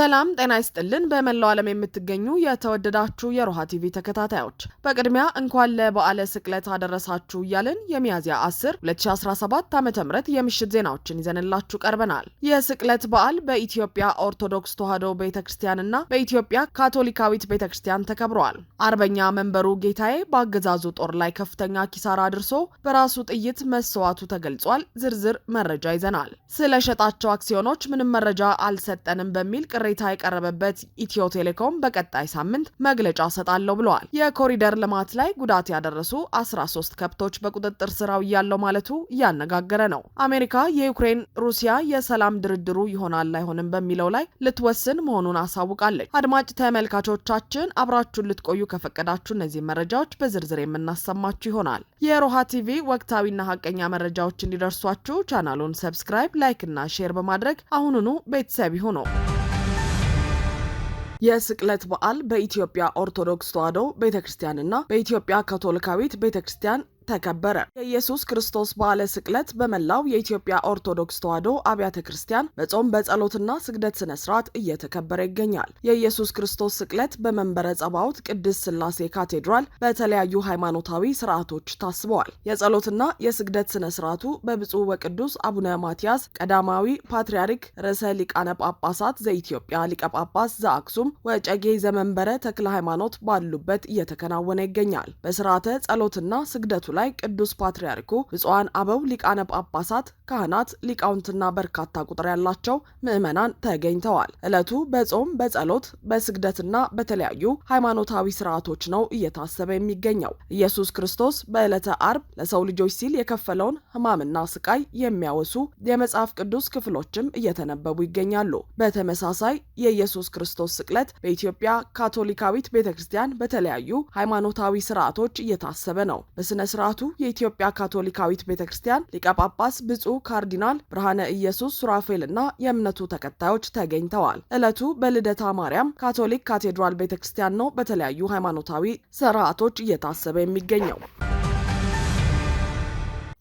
ሰላም ጤና ይስጥልን። በመላው ዓለም የምትገኙ የተወደዳችሁ የሮሃ ቲቪ ተከታታዮች በቅድሚያ እንኳን ለበዓለ ስቅለት አደረሳችሁ እያልን የሚያዝያ 10 2017 ዓ ም የምሽት ዜናዎችን ይዘንላችሁ ቀርበናል። የስቅለት በዓል በኢትዮጵያ ኦርቶዶክስ ተዋሕዶ ቤተ ክርስቲያንና በኢትዮጵያ ካቶሊካዊት ቤተ ክርስቲያን ተከብረዋል። አርበኛ መንበሩ ጌታዬ በአገዛዙ ጦር ላይ ከፍተኛ ኪሳራ አድርሶ በራሱ ጥይት መሰዋቱ ተገልጿል። ዝርዝር መረጃ ይዘናል። ስለሸጣቸው አክሲዮኖች ምንም መረጃ አልሰጠንም በሚል ቅሬ ቅሬታ የቀረበበት ኢትዮ ቴሌኮም በቀጣይ ሳምንት መግለጫ ሰጣለሁ ብለዋል። የኮሪደር ልማት ላይ ጉዳት ያደረሱ 13 ከብቶች በቁጥጥር ስራው እያለው ማለቱ እያነጋገረ ነው። አሜሪካ የዩክሬን ሩሲያ የሰላም ድርድሩ ይሆናል አይሆንም በሚለው ላይ ልትወስን መሆኑን አሳውቃለች። አድማጭ ተመልካቾቻችን አብራችሁን ልትቆዩ ከፈቀዳችሁ እነዚህ መረጃዎች በዝርዝር የምናሰማችሁ ይሆናል። የሮሃ ቲቪ ወቅታዊና ሀቀኛ መረጃዎች እንዲደርሷችሁ ቻናሉን ሰብስክራይብ፣ ላይክ እና ሼር በማድረግ አሁኑኑ ቤተሰብ ይሁኑ። የስቅለት በዓል በኢትዮጵያ ኦርቶዶክስ ተዋሕዶ ቤተክርስቲያንና በኢትዮጵያ ካቶሊካዊት ቤተክርስቲያን ተከበረ። የኢየሱስ ክርስቶስ በዓለ ስቅለት በመላው የኢትዮጵያ ኦርቶዶክስ ተዋሕዶ አብያተ ክርስቲያን በጾም በጸሎትና ስግደት ስነ ስርዓት እየተከበረ ይገኛል። የኢየሱስ ክርስቶስ ስቅለት በመንበረ ጸባዖት ቅድስት ሥላሴ ካቴድራል በተለያዩ ሃይማኖታዊ ስርዓቶች ታስበዋል። የጸሎትና የስግደት ስነ ስርዓቱ በብፁዕ ወቅዱስ አቡነ ማትያስ ቀዳማዊ ፓትርያርክ ርዕሰ ሊቃነ ጳጳሳት ዘኢትዮጵያ ሊቀ ጳጳስ ዘአክሱም ወጨጌ ዘመንበረ ተክለ ሃይማኖት ባሉበት እየተከናወነ ይገኛል። በስርዓተ ጸሎትና ስግደቱ ላይ ላይ ቅዱስ ፓትርያርኩ ብፁዓን አበው ሊቃነ ጳጳሳት፣ ካህናት፣ ሊቃውንትና በርካታ ቁጥር ያላቸው ምዕመናን ተገኝተዋል። ዕለቱ በጾም በጸሎት በስግደትና በተለያዩ ሃይማኖታዊ ስርዓቶች ነው እየታሰበ የሚገኘው። ኢየሱስ ክርስቶስ በዕለተ አርብ ለሰው ልጆች ሲል የከፈለውን ሕማምና ስቃይ የሚያወሱ የመጽሐፍ ቅዱስ ክፍሎችም እየተነበቡ ይገኛሉ። በተመሳሳይ የኢየሱስ ክርስቶስ ስቅለት በኢትዮጵያ ካቶሊካዊት ቤተ ክርስቲያን በተለያዩ ሃይማኖታዊ ስርዓቶች እየታሰበ ነው። በስነ በስርዓቱ የኢትዮጵያ ካቶሊካዊት ቤተ ክርስቲያን ሊቀ ጳጳስ ብፁዕ ካርዲናል ብርሃነ ኢየሱስ ሱራፌል እና የእምነቱ ተከታዮች ተገኝተዋል። ዕለቱ በልደታ ማርያም ካቶሊክ ካቴድራል ቤተ ክርስቲያን ነው በተለያዩ ሃይማኖታዊ ስርዓቶች እየታሰበ የሚገኘው።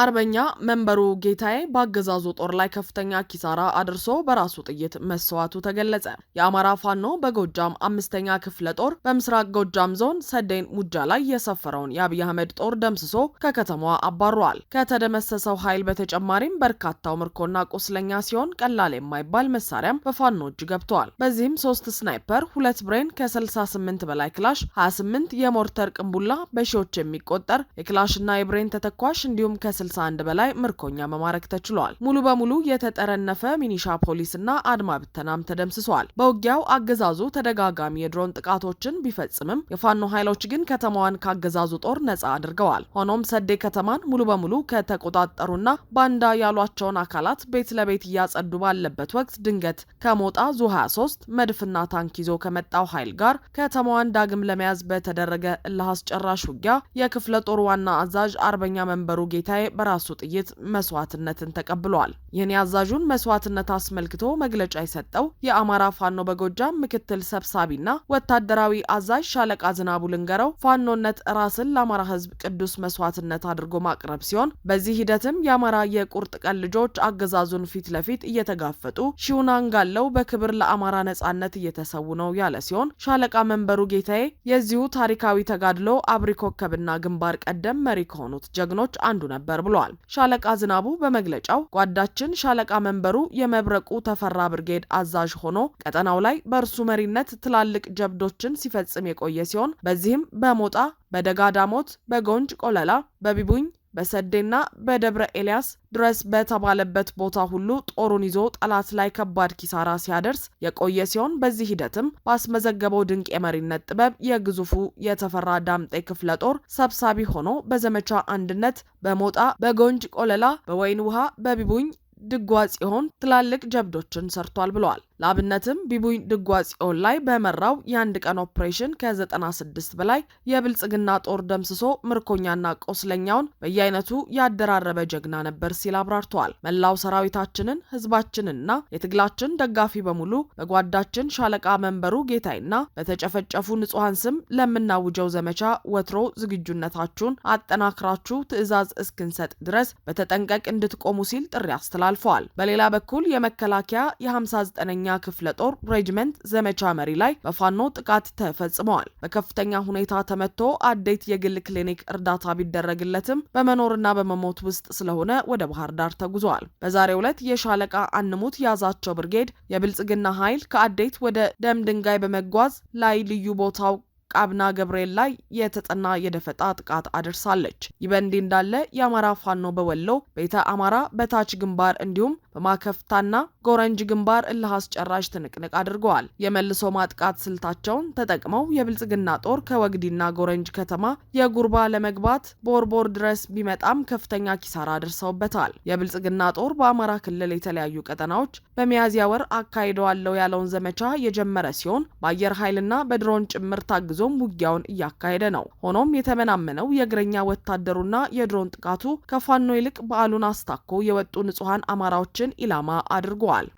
አርበኛ መንበሩ ጌታዬ በአገዛዙ ጦር ላይ ከፍተኛ ኪሳራ አድርሶ በራሱ ጥይት መስዋዕቱ ተገለጸ። የአማራ ፋኖ በጎጃም አምስተኛ ክፍለ ጦር በምስራቅ ጎጃም ዞን ሰደይን ሙጃ ላይ የሰፈረውን የአብይ አህመድ ጦር ደምስሶ ከከተማዋ አባሯል። ከተደመሰሰው ኃይል በተጨማሪም በርካታው ምርኮና ቁስለኛ ሲሆን ቀላል የማይባል መሳሪያም በፋኖ እጅ ገብተዋል። በዚህም ሶስት ስናይፐር፣ ሁለት ብሬን፣ ከ68 በላይ ክላሽ፣ 28 የሞርተር ቅንቡላ፣ በሺዎች የሚቆጠር የክላሽና የብሬን ተተኳሽ እንዲሁም ከ 61 በላይ ምርኮኛ መማረክ ተችሏል። ሙሉ በሙሉ የተጠረነፈ ሚኒሻ ፖሊስና አድማ ብተናም ተደምስሷል። በውጊያው አገዛዙ ተደጋጋሚ የድሮን ጥቃቶችን ቢፈጽምም የፋኖ ኃይሎች ግን ከተማዋን ካገዛዙ ጦር ነጻ አድርገዋል። ሆኖም ሰዴ ከተማን ሙሉ በሙሉ ከተቆጣጠሩና ባንዳ ያሏቸውን አካላት ቤት ለቤት እያጸዱ ባለበት ወቅት ድንገት ከሞጣ ዙ 23 መድፍና ታንክ ይዞ ከመጣው ኃይል ጋር ከተማዋን ዳግም ለመያዝ በተደረገ እልህ አስጨራሽ ውጊያ የክፍለ ጦር ዋና አዛዥ አርበኛ መንበሩ ጌታዬ በራሱ ጥይት መስዋዕትነትን ተቀብሏል። ይህን የአዛዡን መስዋዕትነት አስመልክቶ መግለጫ የሰጠው የአማራ ፋኖ በጎጃም ምክትል ሰብሳቢና ወታደራዊ አዛዥ ሻለቃ ዝናቡ ልንገረው ፋኖነት ራስን ለአማራ ሕዝብ ቅዱስ መስዋዕትነት አድርጎ ማቅረብ ሲሆን በዚህ ሂደትም የአማራ የቁርጥ ቀን ልጆች አገዛዙን ፊት ለፊት እየተጋፈጡ ሺውን አንጋለው በክብር ለአማራ ነጻነት እየተሰዉ ነው ያለ ሲሆን ሻለቃ መንበሩ ጌታዬ የዚሁ ታሪካዊ ተጋድሎ አብሪ ኮከብና ግንባር ቀደም መሪ ከሆኑት ጀግኖች አንዱ ነበር። ብለዋል። ሻለቃ ዝናቡ በመግለጫው ጓዳችን ሻለቃ መንበሩ የመብረቁ ተፈራ ብርጌድ አዛዥ ሆኖ ቀጠናው ላይ በእርሱ መሪነት ትላልቅ ጀብዶችን ሲፈጽም የቆየ ሲሆን በዚህም በሞጣ በደጋ ዳሞት፣ በጎንጅ ቆለላ፣ በቢቡኝ በሰዴና በደብረ ኤልያስ ድረስ በተባለበት ቦታ ሁሉ ጦሩን ይዞ ጠላት ላይ ከባድ ኪሳራ ሲያደርስ የቆየ ሲሆን በዚህ ሂደትም ባስመዘገበው ድንቅ የመሪነት ጥበብ የግዙፉ የተፈራ ዳምጤ ክፍለ ጦር ሰብሳቢ ሆኖ በዘመቻ አንድነት በሞጣ፣ በጎንጅ ቆለላ፣ በወይን ውሃ፣ በቢቡኝ ድጓ ሲሆን ትላልቅ ጀብዶችን ሰርቷል ብለዋል። ለአብነትም ቢቡኝ ድጓ ጽዮን ላይ በመራው የአንድ ቀን ኦፕሬሽን ከ96 በላይ የብልጽግና ጦር ደምስሶ ምርኮኛና ቆስለኛውን በየአይነቱ ያደራረበ ጀግና ነበር ሲል አብራርተዋል። መላው ሰራዊታችንን ህዝባችንና የትግላችን ደጋፊ በሙሉ በጓዳችን ሻለቃ መንበሩ ጌታይና በተጨፈጨፉ ንጹሐን ስም ለምናውጀው ዘመቻ ወትሮ ዝግጁነታችሁን አጠናክራችሁ ትዕዛዝ እስክንሰጥ ድረስ በተጠንቀቅ እንድትቆሙ ሲል ጥሪ አስተላልፈዋል። በሌላ በኩል የመከላከያ የ59ኛ ክፍለ ጦር ሬጅመንት ዘመቻ መሪ ላይ በፋኖ ጥቃት ተፈጽመዋል። በከፍተኛ ሁኔታ ተመቶ አዴት የግል ክሊኒክ እርዳታ ቢደረግለትም በመኖርና በመሞት ውስጥ ስለሆነ ወደ ባህር ዳር ተጉዘዋል። በዛሬው ዕለት የሻለቃ አንሙት ያዛቸው ብርጌድ የብልጽግና ኃይል ከአዴት ወደ ደም ድንጋይ በመጓዝ ላይ ልዩ ቦታው ቃብና ገብርኤል ላይ የተጠና የደፈጣ ጥቃት አድርሳለች። ይህ በእንዲህ እንዳለ የአማራ ፋኖ በወሎ ቤተ አማራ በታች ግንባር እንዲሁም በማከፍታና ጎረንጅ ግንባር እልህ አስጨራሽ ትንቅንቅ አድርገዋል። የመልሶ ማጥቃት ስልታቸውን ተጠቅመው የብልጽግና ጦር ከወግዲና ጎረንጅ ከተማ የጉርባ ለመግባት ቦርቦር ድረስ ቢመጣም ከፍተኛ ኪሳራ አድርሰውበታል። የብልጽግና ጦር በአማራ ክልል የተለያዩ ቀጠናዎች በሚያዝያ ወር አካሂደዋለው ያለውን ዘመቻ የጀመረ ሲሆን በአየር ኃይልና በድሮን ጭምር ታግዞ ይዞም ውጊያውን እያካሄደ ነው። ሆኖም የተመናመነው የእግረኛ ወታደሩና የድሮን ጥቃቱ ከፋኖ ይልቅ በዓሉን አስታኮ የወጡ ንጹሐን አማራዎችን ኢላማ አድርገዋል።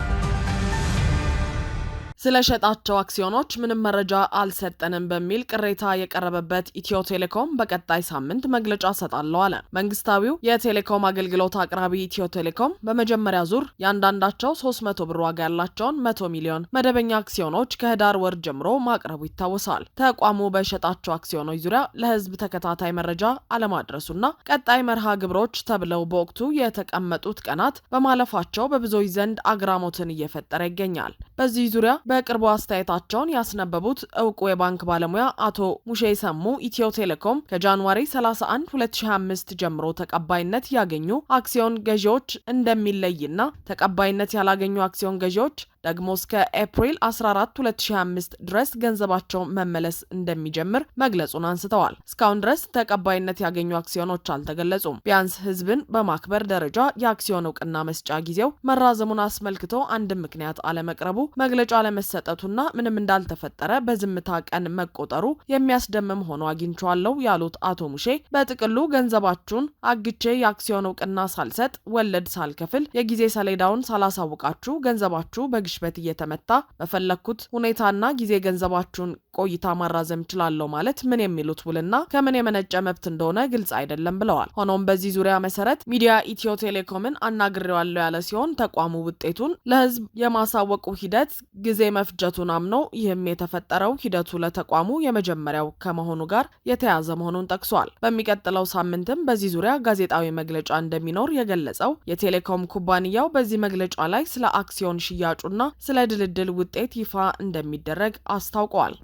ስለሸጣቸው አክሲዮኖች ምንም መረጃ አልሰጠንም በሚል ቅሬታ የቀረበበት ኢትዮ ቴሌኮም በቀጣይ ሳምንት መግለጫ ሰጣለው አለ። መንግስታዊው የቴሌኮም አገልግሎት አቅራቢ ኢትዮ ቴሌኮም በመጀመሪያ ዙር ያንዳንዳቸው 300 ብር ዋጋ ያላቸውን 100 ሚሊዮን መደበኛ አክሲዮኖች ከህዳር ወር ጀምሮ ማቅረቡ ይታወሳል። ተቋሙ በሸጣቸው አክሲዮኖች ዙሪያ ለህዝብ ተከታታይ መረጃ አለማድረሱና ቀጣይ መርሃ ግብሮች ተብለው በወቅቱ የተቀመጡት ቀናት በማለፋቸው በብዙዎች ዘንድ አግራሞትን እየፈጠረ ይገኛል። በዚህ ዙሪያ በቅርቡ አስተያየታቸውን ያስነበቡት እውቁ የባንክ ባለሙያ አቶ ሙሼ ሰሙ ኢትዮ ቴሌኮም ከጃንዋሪ 31 2025 ጀምሮ ተቀባይነት ያገኙ አክሲዮን ገዢዎች እንደሚለይና ተቀባይነት ያላገኙ አክሲዮን ገዢዎች ደግሞ እስከ ኤፕሪል 14 2025 ድረስ ገንዘባቸው መመለስ እንደሚጀምር መግለጹን አንስተዋል። እስካሁን ድረስ ተቀባይነት ያገኙ አክሲዮኖች አልተገለጹም። ቢያንስ ህዝብን በማክበር ደረጃ የአክሲዮን እውቅና መስጫ ጊዜው መራዘሙን አስመልክቶ አንድም ምክንያት አለመቅረቡ፣ መግለጫ አለመሰጠቱና ምንም እንዳልተፈጠረ በዝምታ ቀን መቆጠሩ የሚያስደምም ሆኖ አግኝቼዋለሁ ያሉት አቶ ሙሼ በጥቅሉ ገንዘባችሁን አግቼ የአክሲዮን እውቅና ሳልሰጥ ወለድ ሳልከፍል የጊዜ ሰሌዳውን ሳላሳውቃችሁ ገንዘባችሁ በግ በግሽበት እየተመታ በፈለግኩት ሁኔታና ጊዜ ገንዘባችሁን ቆይታ ማራዘም እችላለሁ ማለት ምን የሚሉት ውልና ከምን የመነጨ መብት እንደሆነ ግልጽ አይደለም ብለዋል። ሆኖም በዚህ ዙሪያ መሰረት ሚዲያ ኢትዮ ቴሌኮምን አናግሬዋለሁ ያለ ሲሆን ተቋሙ ውጤቱን ለህዝብ የማሳወቁ ሂደት ጊዜ መፍጀቱን አምኖ ይህም የተፈጠረው ሂደቱ ለተቋሙ የመጀመሪያው ከመሆኑ ጋር የተያዘ መሆኑን ጠቅሷል። በሚቀጥለው ሳምንትም በዚህ ዙሪያ ጋዜጣዊ መግለጫ እንደሚኖር የገለጸው የቴሌኮም ኩባንያው በዚህ መግለጫ ላይ ስለ አክሲዮን ሽያጩና ስለ ድልድል ውጤት ይፋ እንደሚደረግ አስታውቀዋል።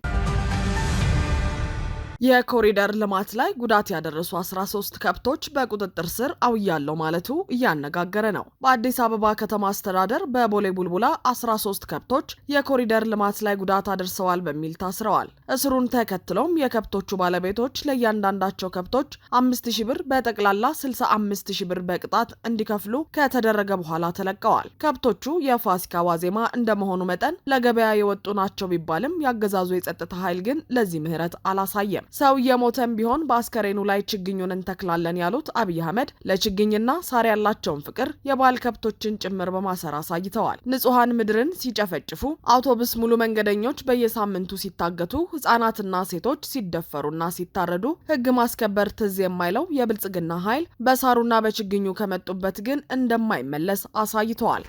የኮሪደር ልማት ላይ ጉዳት ያደረሱ 13 ከብቶች በቁጥጥር ስር አውያለው ማለቱ እያነጋገረ ነው። በአዲስ አበባ ከተማ አስተዳደር በቦሌ ቡልቡላ 13 ከብቶች የኮሪደር ልማት ላይ ጉዳት አድርሰዋል በሚል ታስረዋል። እስሩን ተከትሎም የከብቶቹ ባለቤቶች ለእያንዳንዳቸው ከብቶች 5000 ብር በጠቅላላ 65000 ብር በቅጣት እንዲከፍሉ ከተደረገ በኋላ ተለቀዋል። ከብቶቹ የፋሲካ ዋዜማ እንደመሆኑ መጠን ለገበያ የወጡ ናቸው ቢባልም ያገዛዙ የጸጥታ ኃይል ግን ለዚህ ምህረት አላሳየም። ሰው የሞተም ቢሆን በአስከሬኑ ላይ ችግኙን እንተክላለን ያሉት አብይ አህመድ ለችግኝና ሳር ያላቸውን ፍቅር የባህል ከብቶችን ጭምር በማሰር አሳይተዋል። ንጹሐን ምድርን ሲጨፈጭፉ፣ አውቶቡስ ሙሉ መንገደኞች በየሳምንቱ ሲታገቱ፣ ህጻናትና ሴቶች ሲደፈሩና ሲታረዱ ህግ ማስከበር ትዝ የማይለው የብልጽግና ኃይል በሳሩና በችግኙ ከመጡበት ግን እንደማይመለስ አሳይተዋል።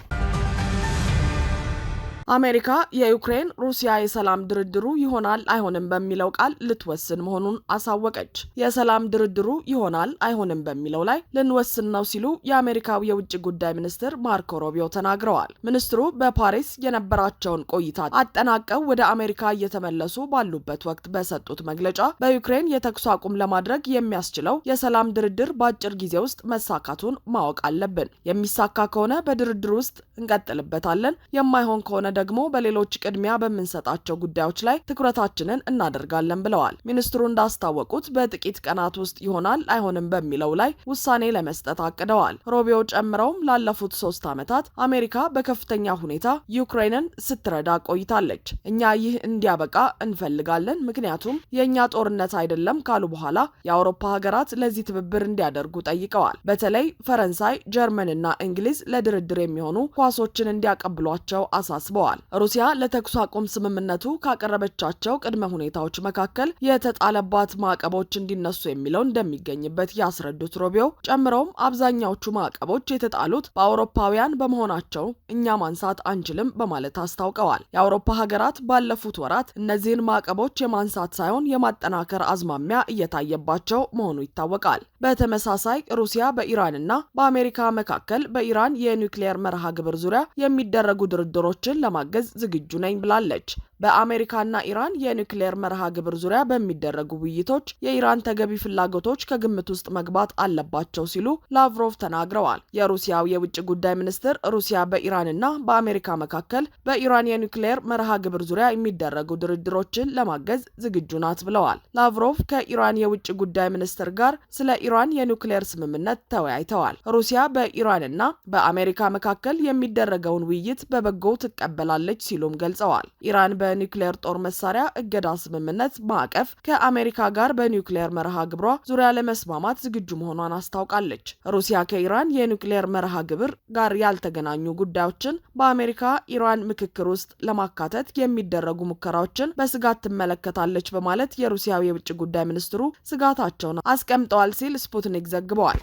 አሜሪካ የዩክሬን ሩሲያ የሰላም ድርድሩ ይሆናል አይሆንም በሚለው ቃል ልትወስን መሆኑን አሳወቀች። የሰላም ድርድሩ ይሆናል አይሆንም በሚለው ላይ ልንወስን ነው ሲሉ የአሜሪካው የውጭ ጉዳይ ሚኒስትር ማርኮ ሮቢዮ ተናግረዋል። ሚኒስትሩ በፓሪስ የነበራቸውን ቆይታ አጠናቀው ወደ አሜሪካ እየተመለሱ ባሉበት ወቅት በሰጡት መግለጫ በዩክሬን የተኩስ አቁም ለማድረግ የሚያስችለው የሰላም ድርድር በአጭር ጊዜ ውስጥ መሳካቱን ማወቅ አለብን። የሚሳካ ከሆነ በድርድር ውስጥ እንቀጥልበታለን። የማይሆን ከሆነ ደግሞ በሌሎች ቅድሚያ በምንሰጣቸው ጉዳዮች ላይ ትኩረታችንን እናደርጋለን ብለዋል። ሚኒስትሩ እንዳስታወቁት በጥቂት ቀናት ውስጥ ይሆናል አይሆንም በሚለው ላይ ውሳኔ ለመስጠት አቅደዋል። ሮቢዮ ጨምረውም ላለፉት ሶስት ዓመታት አሜሪካ በከፍተኛ ሁኔታ ዩክሬንን ስትረዳ ቆይታለች። እኛ ይህ እንዲያበቃ እንፈልጋለን፣ ምክንያቱም የእኛ ጦርነት አይደለም ካሉ በኋላ የአውሮፓ ሀገራት ለዚህ ትብብር እንዲያደርጉ ጠይቀዋል። በተለይ ፈረንሳይ፣ ጀርመንና እንግሊዝ ለድርድር የሚሆኑ ኳሶችን እንዲያቀብሏቸው አሳስበዋል። አቅርበዋል። ሩሲያ ለተኩስ አቁም ስምምነቱ ካቀረበቻቸው ቅድመ ሁኔታዎች መካከል የተጣለባት ማዕቀቦች እንዲነሱ የሚለው እንደሚገኝበት ያስረዱት ሮቢዮ ጨምረውም አብዛኛዎቹ ማዕቀቦች የተጣሉት በአውሮፓውያን በመሆናቸው እኛ ማንሳት አንችልም በማለት አስታውቀዋል። የአውሮፓ ሀገራት ባለፉት ወራት እነዚህን ማዕቀቦች የማንሳት ሳይሆን የማጠናከር አዝማሚያ እየታየባቸው መሆኑ ይታወቃል። በተመሳሳይ ሩሲያ በኢራንና በአሜሪካ መካከል በኢራን የኒውክሌየር መርሃ ግብር ዙሪያ የሚደረጉ ድርድሮችን ለ። ለማገዝ ዝግጁ ነኝ ብላለች። በአሜሪካና ኢራን የኒውክሌር መርሃ ግብር ዙሪያ በሚደረጉ ውይይቶች የኢራን ተገቢ ፍላጎቶች ከግምት ውስጥ መግባት አለባቸው ሲሉ ላቭሮቭ ተናግረዋል። የሩሲያው የውጭ ጉዳይ ሚኒስትር ሩሲያ በኢራንና በአሜሪካ መካከል በኢራን የኒውክሌር መርሃ ግብር ዙሪያ የሚደረጉ ድርድሮችን ለማገዝ ዝግጁ ናት ብለዋል። ላቭሮቭ ከኢራን የውጭ ጉዳይ ሚኒስትር ጋር ስለ ኢራን የኒውክሌር ስምምነት ተወያይተዋል። ሩሲያ በኢራንና በአሜሪካ መካከል የሚደረገውን ውይይት በበጎው ትቀበላለች ሲሉም ገልጸዋል። ኢራን በ የኒውክሌር ጦር መሳሪያ እገዳ ስምምነት ማዕቀፍ ከአሜሪካ ጋር በኒውክሌር መርሃ ግብሯ ዙሪያ ለመስማማት ዝግጁ መሆኗን አስታውቃለች። ሩሲያ ከኢራን የኒውክሌር መርሃ ግብር ጋር ያልተገናኙ ጉዳዮችን በአሜሪካ ኢራን ምክክር ውስጥ ለማካተት የሚደረጉ ሙከራዎችን በስጋት ትመለከታለች በማለት የሩሲያው የውጭ ጉዳይ ሚኒስትሩ ስጋታቸውን አስቀምጠዋል ሲል ስፑትኒክ ዘግበዋል።